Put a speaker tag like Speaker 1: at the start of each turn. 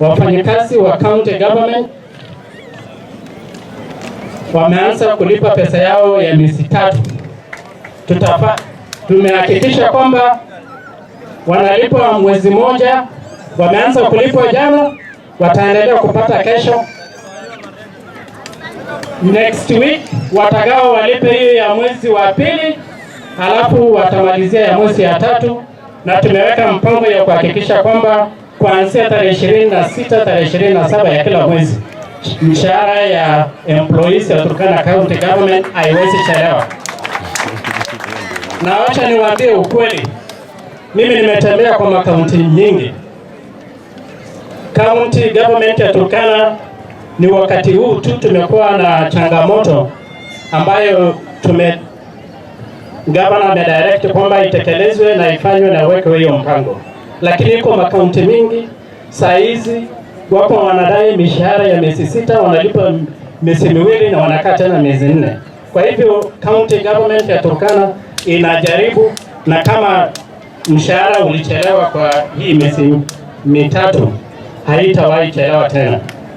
Speaker 1: wafanyakazi wa county government wameanza kulipa pesa yao ya miezi tatu. Tutafa, tumehakikisha kwamba wanalipwa mwezi mmoja, wameanza kulipwa jana, wataendelea kupata kesho. Next week watagawa walipe hiyo ya mwezi wa pili, halafu watamalizia ya mwezi ya tatu, na tumeweka mpango ya kuhakikisha kwamba kuanzia tarehe ishirini na sita tarehe ishirini na saba ya kila mwezi mshahara ya employees ya Turkana County Government haiwezi chelewa. Na wacha niwaambie ukweli, mimi nimetembea kwa makaunti nyingi. County government ya Turkana ni wakati huu tu tumekuwa na changamoto ambayo tume gavana amedirect kwamba itekelezwe na ifanywe na weke hiyo mpango lakini iko makaunti mingi saa hizi wapo wanadai mishahara ya miezi sita, wanalipa miezi miwili na wanakaa tena miezi nne. Kwa hivyo county government ya Turkana inajaribu, na kama mshahara ulichelewa kwa hii miezi mitatu, haitawahi chelewa tena.